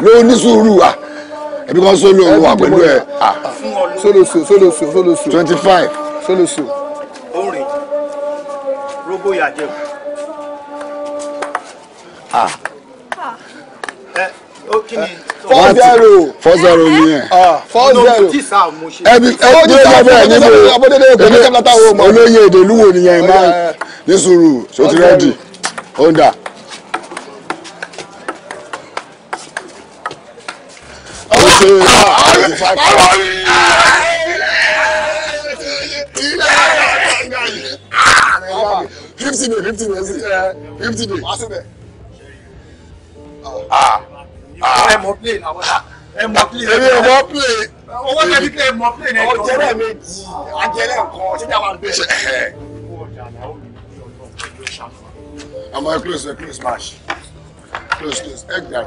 ló ní sùúrù à ah. ẹbí kan sólò wà pẹ̀lú ẹ̀ à. Ah. sólòsò sólòsò sólòsò. twenty five. sólòsò. orin rogo yàjẹ. à. Ah. ẹ ó zero. four zero ni ẹ. four zero. ẹbí ẹbí ẹbí níbo olóyè èdè lúwo nìyẹn máa ní sùúrù sotiri ẹdì ó fifty day fifty day fifty day wá síbẹ̀. ẹ mọ play ẹ mọ play ẹ mọ play owó tẹbi pé ẹ mọ play ẹ jọ jẹrẹ méjì ajẹrẹ nǹkan ṣẹjá wa bẹ. àmọ́ ẹ close close match close close ẹ gbà.